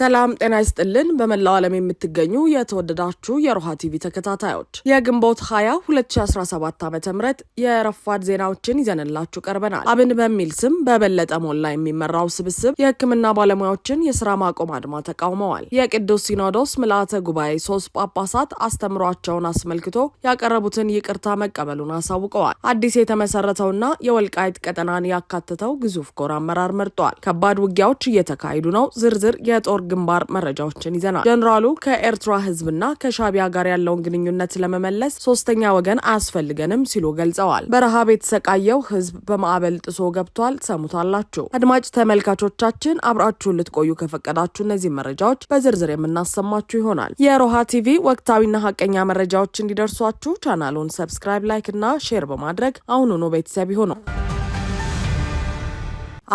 ሰላም ጤና ይስጥልን። በመላው ዓለም የምትገኙ የተወደዳችሁ የሮሃ ቲቪ ተከታታዮች የግንቦት 20 2017 ዓ ም የረፋድ ዜናዎችን ይዘንላችሁ ቀርበናል። አብን በሚል ስም በበለጠ ሞላ የሚመራው ስብስብ የሕክምና ባለሙያዎችን የስራ ማቆም አድማ ተቃውመዋል። የቅዱስ ሲኖዶስ ምልአተ ጉባኤ ሶስት ጳጳሳት አስተምሯቸውን አስመልክቶ ያቀረቡትን ይቅርታ መቀበሉን አሳውቀዋል። አዲስ የተመሰረተውና የወልቃይት ቀጠናን ያካተተው ግዙፍ ኮር አመራር መርጧል። ከባድ ውጊያዎች እየተካሄዱ ነው። ዝርዝር የጦር ግንባር መረጃዎችን ይዘናል። ጀኔራሉ ከኤርትራ ህዝብና ከሻቢያ ጋር ያለውን ግንኙነት ለመመለስ ሶስተኛ ወገን አያስፈልገንም ሲሉ ገልጸዋል። በረሃብ የተሰቃየው ህዝብ በማዕበል ጥሶ ገብቷል። ሰሙታላችሁ። አድማጭ ተመልካቾቻችን አብራችሁን ልትቆዩ ከፈቀዳችሁ እነዚህ መረጃዎች በዝርዝር የምናሰማችሁ ይሆናል። የሮሃ ቲቪ ወቅታዊና ሀቀኛ መረጃዎች እንዲደርሷችሁ ቻናሉን ሰብስክራይብ፣ ላይክ እና ሼር በማድረግ አሁኑኑ ቤተሰብ ይሁኑ።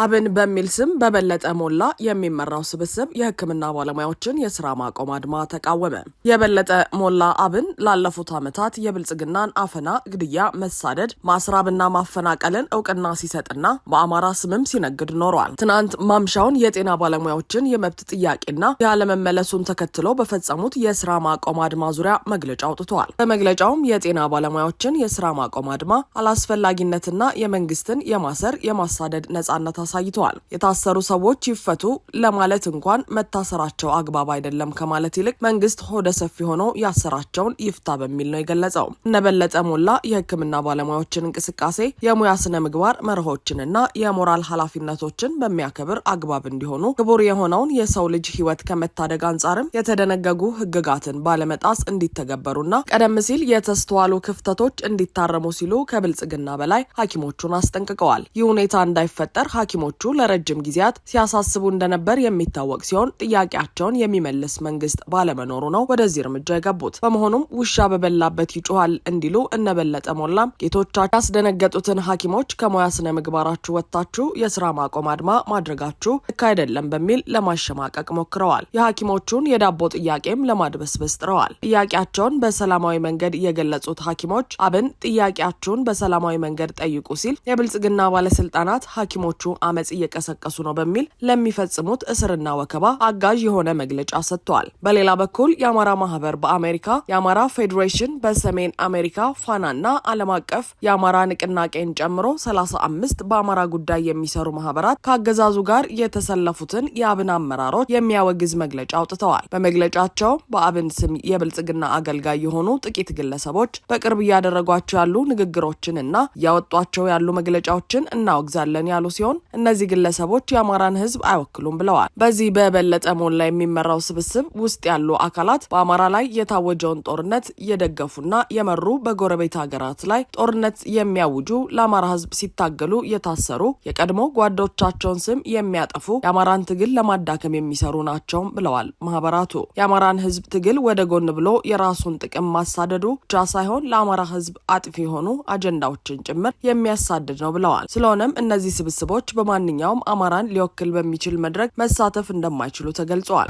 አብን በሚል ስም በበለጠ ሞላ የሚመራው ስብስብ የሕክምና ባለሙያዎችን የስራ ማቆም አድማ ተቃወመ። የበለጠ ሞላ አብን ላለፉት ዓመታት የብልጽግናን አፈና፣ ግድያ፣ መሳደድ፣ ማስራብና ማፈናቀልን እውቅና ሲሰጥና በአማራ ስምም ሲነግድ ኖሯል። ትናንት ማምሻውን የጤና ባለሙያዎችን የመብት ጥያቄና ያለመመለሱን ተከትሎ በፈጸሙት የስራ ማቆም አድማ ዙሪያ መግለጫ አውጥተዋል። በመግለጫውም የጤና ባለሙያዎችን የስራ ማቆም አድማ አላስፈላጊነትና የመንግስትን የማሰር የማሳደድ ነጻነት አሳይተዋል። የታሰሩ ሰዎች ይፈቱ ለማለት እንኳን መታሰራቸው አግባብ አይደለም ከማለት ይልቅ መንግስት ሆደ ሰፊ ሆኖ ያሰራቸውን ይፍታ በሚል ነው የገለጸው። እነበለጠ ሞላ የህክምና ባለሙያዎችን እንቅስቃሴ፣ የሙያ ስነ ምግባር መርሆችንና የሞራል ኃላፊነቶችን በሚያከብር አግባብ እንዲሆኑ ክቡር የሆነውን የሰው ልጅ ህይወት ከመታደግ አንጻርም የተደነገጉ ህግጋትን ባለመጣስ እንዲተገበሩና ቀደም ሲል የተስተዋሉ ክፍተቶች እንዲታረሙ ሲሉ ከብልጽግና በላይ ሐኪሞቹን አስጠንቅቀዋል። ይህ ሁኔታ እንዳይፈጠር ሐኪ ሐኪሞቹ ለረጅም ጊዜያት ሲያሳስቡ እንደነበር የሚታወቅ ሲሆን ጥያቄያቸውን የሚመልስ መንግስት ባለመኖሩ ነው ወደዚህ እርምጃ የገቡት። በመሆኑም ውሻ በበላበት ይጮኋል እንዲሉ እነበለጠ ሞላም ጌቶቻቸው ያስደነገጡትን ሐኪሞች ከሙያ ስነ ምግባራችሁ ወጥታችሁ የስራ ማቆም አድማ ማድረጋችሁ ልክ አይደለም በሚል ለማሸማቀቅ ሞክረዋል። የሐኪሞቹን የዳቦ ጥያቄም ለማድበስበስ ጥረዋል። ጥያቄያቸውን በሰላማዊ መንገድ የገለጹት ሐኪሞች አብን ጥያቄያችሁን በሰላማዊ መንገድ ጠይቁ ሲል የብልጽግና ባለስልጣናት ሐኪሞቹ አመፅ እየቀሰቀሱ ነው በሚል ለሚፈጽሙት እስርና ወከባ አጋዥ የሆነ መግለጫ ሰጥተዋል። በሌላ በኩል የአማራ ማህበር በአሜሪካ የአማራ ፌዴሬሽን በሰሜን አሜሪካ ፋናና ዓለም አቀፍ የአማራ ንቅናቄን ጨምሮ 35 በአማራ ጉዳይ የሚሰሩ ማህበራት ከአገዛዙ ጋር የተሰለፉትን የአብን አመራሮች የሚያወግዝ መግለጫ አውጥተዋል። በመግለጫቸው በአብን ስም የብልጽግና አገልጋይ የሆኑ ጥቂት ግለሰቦች በቅርብ እያደረጓቸው ያሉ ንግግሮችን እና እያወጧቸው ያሉ መግለጫዎችን እናወግዛለን ያሉ ሲሆን እነዚህ ግለሰቦች የአማራን ህዝብ አይወክሉም ብለዋል። በዚህ በበለጠ ሞላ የሚመራው ስብስብ ውስጥ ያሉ አካላት በአማራ ላይ የታወጀውን ጦርነት የደገፉና የመሩ በጎረቤት ሀገራት ላይ ጦርነት የሚያውጁ ለአማራ ህዝብ ሲታገሉ የታሰሩ የቀድሞ ጓዶቻቸውን ስም የሚያጠፉ የአማራን ትግል ለማዳከም የሚሰሩ ናቸውም ብለዋል። ማህበራቱ የአማራን ህዝብ ትግል ወደ ጎን ብሎ የራሱን ጥቅም ማሳደዱ ብቻ ሳይሆን ለአማራ ህዝብ አጥፊ የሆኑ አጀንዳዎችን ጭምር የሚያሳድድ ነው ብለዋል። ስለሆነም እነዚህ ስብስቦች በ በማንኛውም አማራን ሊወክል በሚችል መድረክ መሳተፍ እንደማይችሉ ተገልጸዋል።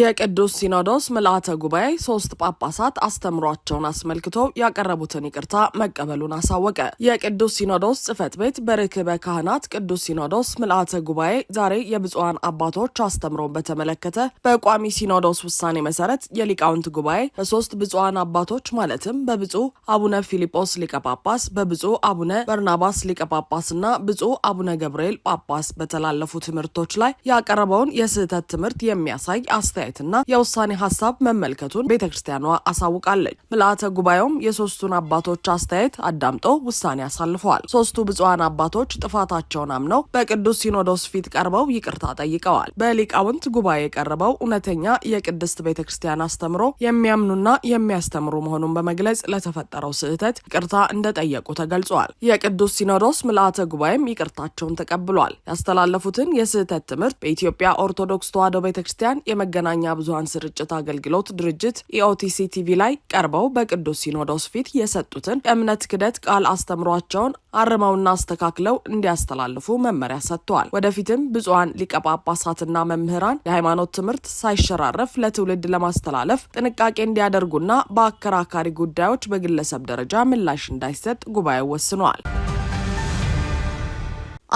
የቅዱስ ሲኖዶስ ምልአተ ጉባኤ ሶስት ጳጳሳት አስተምሯቸውን አስመልክቶ ያቀረቡትን ይቅርታ መቀበሉን አሳወቀ። የቅዱስ ሲኖዶስ ጽፈት ቤት በርክበ ካህናት ቅዱስ ሲኖዶስ ምልአተ ጉባኤ ዛሬ የብፁዓን አባቶች አስተምሮን በተመለከተ በቋሚ ሲኖዶስ ውሳኔ መሰረት የሊቃውንት ጉባኤ በሶስት ብፁዓን አባቶች ማለትም በብፁዕ አቡነ ፊልጶስ ሊቀ ጳጳስ፣ በብፁዕ አቡነ በርናባስ ሊቀ ጳጳስ ና ብፁዕ አቡነ ገብርኤል ጳጳስ በተላለፉ ትምህርቶች ላይ ያቀረበውን የስህተት ትምህርት የሚያሳይ አስተ አስተያየትና የውሳኔ ሀሳብ መመልከቱን ቤተ ክርስቲያኗ አሳውቃለች። ምልአተ ጉባኤውም የሶስቱን አባቶች አስተያየት አዳምጦ ውሳኔ አሳልፈዋል። ሶስቱ ብፁዓን አባቶች ጥፋታቸውን አምነው በቅዱስ ሲኖዶስ ፊት ቀርበው ይቅርታ ጠይቀዋል። በሊቃውንት ጉባኤ የቀረበው እውነተኛ የቅድስት ቤተ ክርስቲያን አስተምሮ የሚያምኑና የሚያስተምሩ መሆኑን በመግለጽ ለተፈጠረው ስህተት ይቅርታ እንደጠየቁ ተገልጿል። የቅዱስ ሲኖዶስ ምልአተ ጉባኤም ይቅርታቸውን ተቀብሏል። ያስተላለፉትን የስህተት ትምህርት በኢትዮጵያ ኦርቶዶክስ ተዋሕዶ ቤተ ክርስቲያን የመገናኛ የመገናኛ ብዙሀን ስርጭት አገልግሎት ድርጅት ኢኦቲሲ ቲቪ ላይ ቀርበው በቅዱስ ሲኖዶስ ፊት የሰጡትን የእምነት ክደት ቃል አስተምሯቸውን አርመውና አስተካክለው እንዲያስተላልፉ መመሪያ ሰጥተዋል። ወደፊትም ብፁዓን ሊቀ ጳጳሳትና መምህራን የሃይማኖት ትምህርት ሳይሸራረፍ ለትውልድ ለማስተላለፍ ጥንቃቄ እንዲያደርጉና በአከራካሪ ጉዳዮች በግለሰብ ደረጃ ምላሽ እንዳይሰጥ ጉባኤው ወስኗል።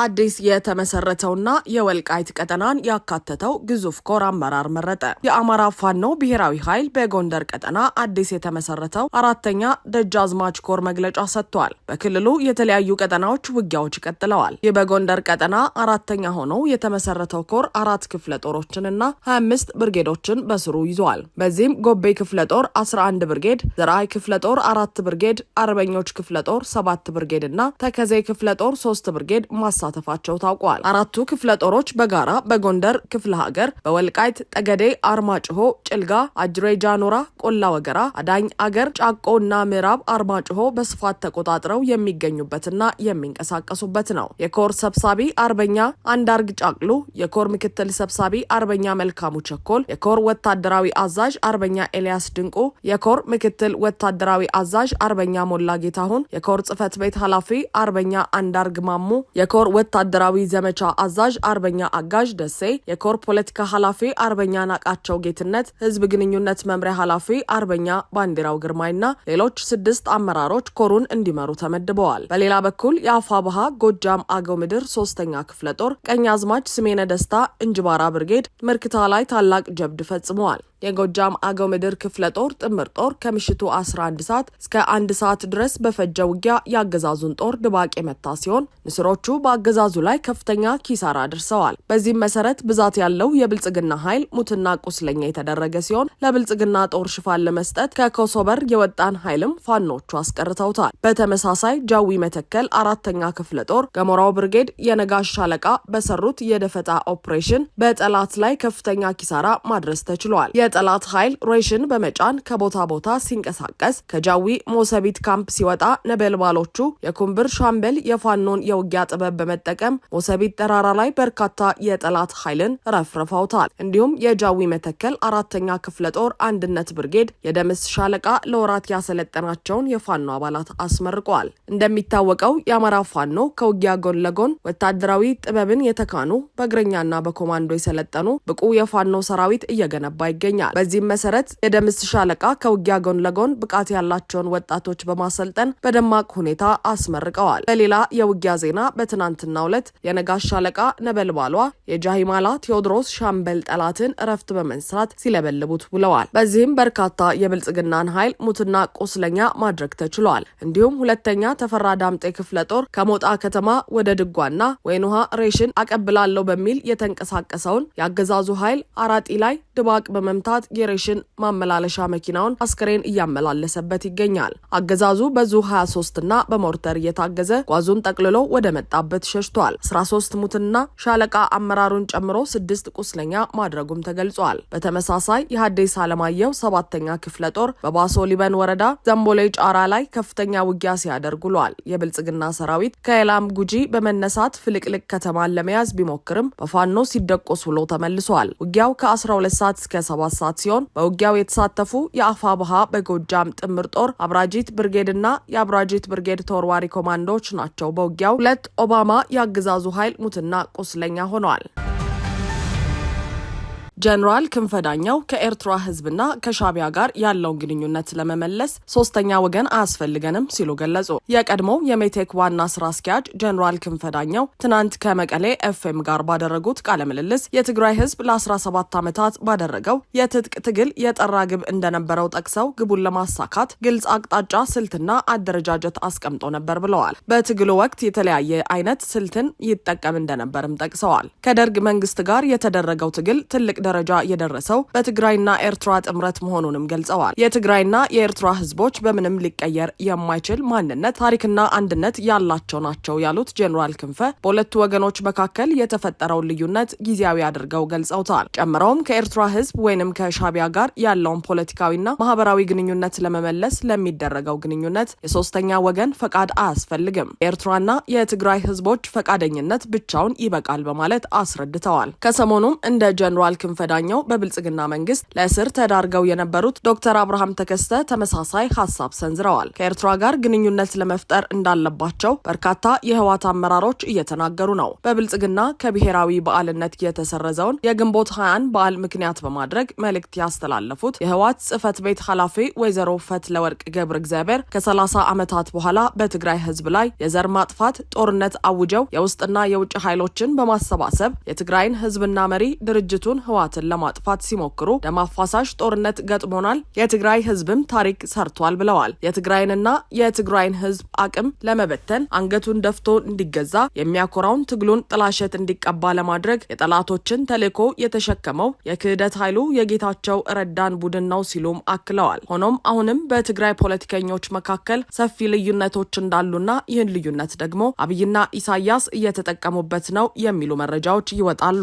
አዲስ የተመሰረተውና የወልቃይት ቀጠናን ያካተተው ግዙፍ ኮር አመራር መረጠ። የአማራ ፋኖ ብሔራዊ ኃይል በጎንደር ቀጠና አዲስ የተመሰረተው አራተኛ ደጃዝማች ኮር መግለጫ ሰጥቷል። በክልሉ የተለያዩ ቀጠናዎች ውጊያዎች ቀጥለዋል። የበጎንደር ቀጠና አራተኛ ሆነው የተመሰረተው ኮር አራት ክፍለ ጦሮችንና 25 ብርጌዶችን በስሩ ይዟል። በዚህም ጎቤ ክፍለ ጦር 11 ብርጌድ፣ ዘርአይ ክፍለ ጦር አራት ብርጌድ፣ አርበኞች ክፍለ ጦር ሰባት ብርጌድ እና ተከዜ ክፍለ ጦር ሶስት ብርጌድ ማሳ መሳተፋቸው ታውቋል። አራቱ ክፍለ ጦሮች በጋራ በጎንደር ክፍለ ሀገር በወልቃይት ጠገዴ፣ አርማጭሆ፣ ጭልጋ፣ አጅሬ፣ ጃኖራ፣ ቆላ ወገራ፣ አዳኝ አገር፣ ጫቆ እና ምዕራብ አርማጭሆ በስፋት ተቆጣጥረው የሚገኙበትና የሚንቀሳቀሱበት ነው። የኮር ሰብሳቢ አርበኛ አንዳርግ ጫቅሉ፣ የኮር ምክትል ሰብሳቢ አርበኛ መልካሙ ቸኮል፣ የኮር ወታደራዊ አዛዥ አርበኛ ኤልያስ ድንቁ፣ የኮር ምክትል ወታደራዊ አዛዥ አርበኛ ሞላ ጌታሁን፣ የኮር ጽህፈት ቤት ኃላፊ አርበኛ አንዳርግ ማሙ፣ የኮር ወታደራዊ ዘመቻ አዛዥ አርበኛ አጋዥ ደሴ፣ የኮር ፖለቲካ ኃላፊ አርበኛ ናቃቸው ጌትነት፣ ህዝብ ግንኙነት መምሪያ ኃላፊ አርበኛ ባንዲራው ግርማይና ሌሎች ስድስት አመራሮች ኮሩን እንዲመሩ ተመድበዋል። በሌላ በኩል የአፋ ባሃ ጎጃም አገው ምድር ሶስተኛ ክፍለ ጦር ቀኝ አዝማች ስሜነ ደስታ እንጅባራ ብርጌድ ምርክታ ላይ ታላቅ ጀብድ ፈጽመዋል። የጎጃም አገው ምድር ክፍለ ጦር ጥምር ጦር ከምሽቱ 11 ሰዓት እስከ አንድ ሰዓት ድረስ በፈጀ ውጊያ የአገዛዙን ጦር ድባቅ የመታ ሲሆን ንስሮቹ በአገ አገዛዙ ላይ ከፍተኛ ኪሳራ አድርሰዋል። በዚህም መሰረት ብዛት ያለው የብልጽግና ኃይል ሙትና ቁስለኛ የተደረገ ሲሆን ለብልጽግና ጦር ሽፋን ለመስጠት ከኮሶበር የወጣን ኃይልም ፋኖቹ አስቀርተውታል። በተመሳሳይ ጃዊ መተከል አራተኛ ክፍለ ጦር ገሞራው ብርጌድ የነጋሽ ሻለቃ በሰሩት የደፈጣ ኦፕሬሽን በጠላት ላይ ከፍተኛ ኪሳራ ማድረስ ተችሏል። የጠላት ኃይል ሬሽን በመጫን ከቦታ ቦታ ሲንቀሳቀስ ከጃዊ ሞሰቢት ካምፕ ሲወጣ ነበልባሎቹ የኩምብር ሻምበል የፋኖን የውጊያ ጥበብ በመ በመጠቀም ወሰቢት ተራራ ላይ በርካታ የጠላት ኃይልን ረፍርፈውታል። እንዲሁም የጃዊ መተከል አራተኛ ክፍለ ጦር አንድነት ብርጌድ የደምስ ሻለቃ ለወራት ያሰለጠናቸውን የፋኖ አባላት አስመርቋል። እንደሚታወቀው የአማራ ፋኖ ከውጊያ ጎን ለጎን ወታደራዊ ጥበብን የተካኑ በእግረኛና በኮማንዶ የሰለጠኑ ብቁ የፋኖ ሰራዊት እየገነባ ይገኛል። በዚህም መሰረት የደምስ ሻለቃ ከውጊያ ጎን ለጎን ብቃት ያላቸውን ወጣቶች በማሰልጠን በደማቅ ሁኔታ አስመርቀዋል። በሌላ የውጊያ ዜና በትናንት በትናንትናው ዕለት የነጋሽ ሻለቃ ነበልባሏ የጃሂማላ ቴዎድሮስ ሻምበል ጠላትን እረፍት በመንስራት ሲለበልቡት ውለዋል። በዚህም በርካታ የብልጽግናን ኃይል ሙትና ቁስለኛ ማድረግ ተችሏል። እንዲሁም ሁለተኛ ተፈራ ዳምጤ ክፍለ ጦር ከሞጣ ከተማ ወደ ድጓና ወይን ውሃ ሬሽን አቀብላለሁ በሚል የተንቀሳቀሰውን የአገዛዙ ኃይል አራጢ ላይ ድባቅ በመምታት የሬሽን ማመላለሻ መኪናውን አስክሬን እያመላለሰበት ይገኛል። አገዛዙ በዙ 23 እና በሞርተር እየታገዘ ጓዙን ጠቅልሎ ወደ መጣበት በህይወት ሸሽቷል። 13 ሙትና ሻለቃ አመራሩን ጨምሮ ስድስት ቁስለኛ ማድረጉም ተገልጿል። በተመሳሳይ የሀዲስ አለማየሁ ሰባተኛ ክፍለ ጦር በባሶ ሊበን ወረዳ ዘንቦሌ ጫራ ላይ ከፍተኛ ውጊያ ሲያደርግ ውሏል። የብልጽግና ሰራዊት ከኤላም ጉጂ በመነሳት ፍልቅልቅ ከተማን ለመያዝ ቢሞክርም በፋኖ ሲደቆስ ውሎ ተመልሷል። ውጊያው ከ12 ሰዓት እስከ 7 ሰዓት ሲሆን በውጊያው የተሳተፉ የአፋ ባሃ በጎጃም ጥምር ጦር አብራጂት ብርጌድና የአብራጂት ብርጌድ ተወርዋሪ ኮማንዶዎች ናቸው። በውጊያው ሁለት ኦባማ የአገዛዙ ኃይል ሙትና ቁስለኛ ሆነዋል። ጀኔራል ክንፈ ዳኘው ከኤርትራ ህዝብና ከሻቢያ ጋር ያለውን ግንኙነት ለመመለስ ሶስተኛ ወገን አያስፈልገንም ሲሉ ገለጹ። የቀድሞው የሜቴክ ዋና ስራ አስኪያጅ ጀኔራል ክንፈ ዳኘው ትናንት ከመቀሌ ኤፍኤም ጋር ባደረጉት ቃለ ምልልስ የትግራይ ህዝብ ለ17 ዓመታት ባደረገው የትጥቅ ትግል የጠራ ግብ እንደነበረው ጠቅሰው ግቡን ለማሳካት ግልጽ አቅጣጫ፣ ስልትና አደረጃጀት አስቀምጦ ነበር ብለዋል። በትግሉ ወቅት የተለያየ አይነት ስልትን ይጠቀም እንደነበርም ጠቅሰዋል። ከደርግ መንግስት ጋር የተደረገው ትግል ትልቅ ደረጃ የደረሰው በትግራይና ኤርትራ ጥምረት መሆኑንም ገልጸዋል። የትግራይና የኤርትራ ህዝቦች በምንም ሊቀየር የማይችል ማንነት፣ ታሪክና አንድነት ያላቸው ናቸው ያሉት ጄኔራል ክንፈ በሁለቱ ወገኖች መካከል የተፈጠረውን ልዩነት ጊዜያዊ አድርገው ገልጸውታል። ጨምረውም ከኤርትራ ህዝብ ወይንም ከሻቢያ ጋር ያለውን ፖለቲካዊና ማህበራዊ ግንኙነት ለመመለስ ለሚደረገው ግንኙነት የሶስተኛ ወገን ፈቃድ አያስፈልግም። የኤርትራና የትግራይ ህዝቦች ፈቃደኝነት ብቻውን ይበቃል በማለት አስረድተዋል። ከሰሞኑም እንደ ጀኔራል ክንፈ ክንፈ ፈዳኘው በብልጽግና መንግስት ለእስር ተዳርገው የነበሩት ዶክተር አብርሃም ተከስተ ተመሳሳይ ሀሳብ ሰንዝረዋል። ከኤርትራ ጋር ግንኙነት ለመፍጠር እንዳለባቸው በርካታ የህወሓት አመራሮች እየተናገሩ ነው። በብልጽግና ከብሔራዊ በዓልነት የተሰረዘውን የግንቦት ሀያን በዓል ምክንያት በማድረግ መልእክት ያስተላለፉት የህወሓት ጽህፈት ቤት ኃላፊ ወይዘሮ ፈትለወርቅ ገብረ እግዚአብሔር ከ30 ዓመታት በኋላ በትግራይ ህዝብ ላይ የዘር ማጥፋት ጦርነት አውጀው የውስጥና የውጭ ኃይሎችን በማሰባሰብ የትግራይን ህዝብና መሪ ድርጅቱን ህወሓት ህወሓትን ለማጥፋት ሲሞክሩ ደም አፋሳሽ ጦርነት ገጥሞናል፣ የትግራይ ህዝብም ታሪክ ሰርቷል ብለዋል። የትግራይንና የትግራይን ህዝብ አቅም ለመበተን አንገቱን ደፍቶ እንዲገዛ የሚያኮራውን ትግሉን ጥላሸት እንዲቀባ ለማድረግ የጠላቶችን ተልዕኮ የተሸከመው የክህደት ኃይሉ የጌታቸው ረዳን ቡድን ነው ሲሉም አክለዋል። ሆኖም አሁንም በትግራይ ፖለቲከኞች መካከል ሰፊ ልዩነቶች እንዳሉና ይህን ልዩነት ደግሞ አብይና ኢሳያስ እየተጠቀሙበት ነው የሚሉ መረጃዎች ይወጣሉ።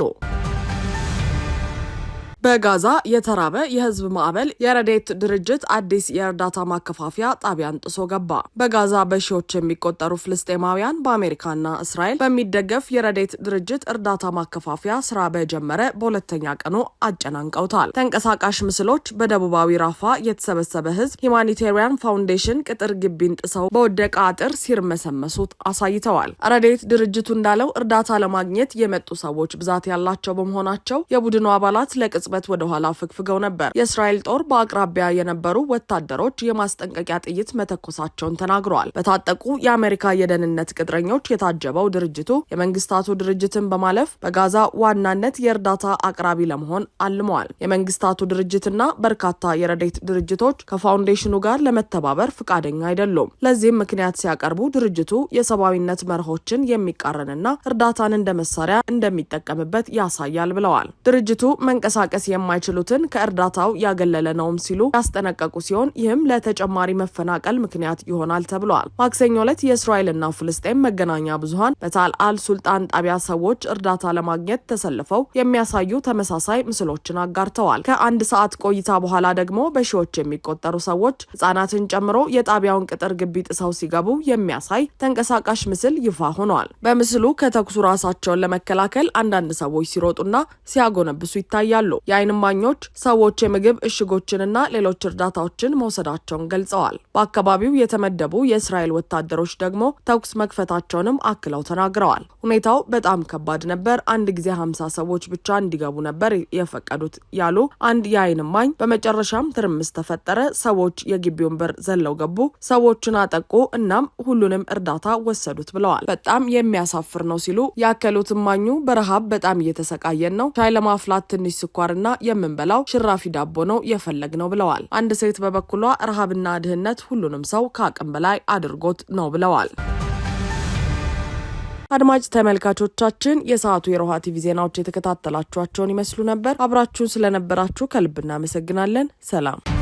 በጋዛ የተራበ የህዝብ ማዕበል የረዴት ድርጅት አዲስ የእርዳታ ማከፋፊያ ጣቢያን ጥሶ ገባ። በጋዛ በሺዎች የሚቆጠሩ ፍልስጤማውያን በአሜሪካና እስራኤል በሚደገፍ የረዴት ድርጅት እርዳታ ማከፋፊያ ስራ በጀመረ በሁለተኛ ቀኑ አጨናንቀውታል። ተንቀሳቃሽ ምስሎች በደቡባዊ ራፋ የተሰበሰበ ህዝብ ሂማኒቴሪያን ፋውንዴሽን ቅጥር ግቢን ጥሰው በወደቀ አጥር ሲርመሰመሱት አሳይተዋል። ረዴት ድርጅቱ እንዳለው እርዳታ ለማግኘት የመጡ ሰዎች ብዛት ያላቸው በመሆናቸው የቡድኑ አባላት ለቅጽ ቅጽበት ወደ ኋላ ፍግፍገው ነበር። የእስራኤል ጦር በአቅራቢያ የነበሩ ወታደሮች የማስጠንቀቂያ ጥይት መተኮሳቸውን ተናግረዋል። በታጠቁ የአሜሪካ የደህንነት ቅጥረኞች የታጀበው ድርጅቱ የመንግስታቱ ድርጅትን በማለፍ በጋዛ ዋናነት የእርዳታ አቅራቢ ለመሆን አልመዋል። የመንግስታቱ ድርጅትና በርካታ የረዴት ድርጅቶች ከፋውንዴሽኑ ጋር ለመተባበር ፈቃደኛ አይደሉም። ለዚህም ምክንያት ሲያቀርቡ ድርጅቱ የሰብአዊነት መርሆችን የሚቃረንና እርዳታን እንደ መሳሪያ እንደሚጠቀምበት ያሳያል ብለዋል። ድርጅቱ መንቀሳቀስ መመለስ የማይችሉትን ከእርዳታው ያገለለ ነውም ሲሉ ያስጠነቀቁ ሲሆን ይህም ለተጨማሪ መፈናቀል ምክንያት ይሆናል ተብሏል። ማክሰኞ ዕለት የእስራኤልና ፍልስጤም መገናኛ ብዙኃን በታል አል ሱልጣን ጣቢያ ሰዎች እርዳታ ለማግኘት ተሰልፈው የሚያሳዩ ተመሳሳይ ምስሎችን አጋርተዋል። ከአንድ ሰዓት ቆይታ በኋላ ደግሞ በሺዎች የሚቆጠሩ ሰዎች ህጻናትን ጨምሮ የጣቢያውን ቅጥር ግቢ ጥሰው ሲገቡ የሚያሳይ ተንቀሳቃሽ ምስል ይፋ ሆኗል። በምስሉ ከተኩሱ ራሳቸውን ለመከላከል አንዳንድ ሰዎች ሲሮጡና ሲያጎነብሱ ይታያሉ። የአይን እማኞች ሰዎች የምግብ እሽጎችንና ሌሎች እርዳታዎችን መውሰዳቸውን ገልጸዋል። በአካባቢው የተመደቡ የእስራኤል ወታደሮች ደግሞ ተኩስ መክፈታቸውንም አክለው ተናግረዋል። ሁኔታው በጣም ከባድ ነበር። አንድ ጊዜ ሀምሳ ሰዎች ብቻ እንዲገቡ ነበር የፈቀዱት ያሉ አንድ የአይን እማኝ በመጨረሻም ትርምስ ተፈጠረ። ሰዎች የግቢውን በር ዘለው ገቡ፣ ሰዎችን አጠቁ፣ እናም ሁሉንም እርዳታ ወሰዱት ብለዋል። በጣም የሚያሳፍር ነው ሲሉ ያከሉት እማኙ በረሃብ በጣም እየተሰቃየን ነው። ሻይ ለማፍላት ትንሽ ስኳርና እና የምንበላው ሽራፊ ዳቦ ነው የፈለግ ነው ብለዋል። አንድ ሴት በበኩሏ ረሃብና ድህነት ሁሉንም ሰው ከአቅም በላይ አድርጎት ነው ብለዋል። አድማጭ ተመልካቾቻችን የሰዓቱ የሮሃ ቲቪ ዜናዎች የተከታተላችኋቸውን ይመስሉ ነበር። አብራችሁን ስለነበራችሁ ከልብ እናመሰግናለን። ሰላም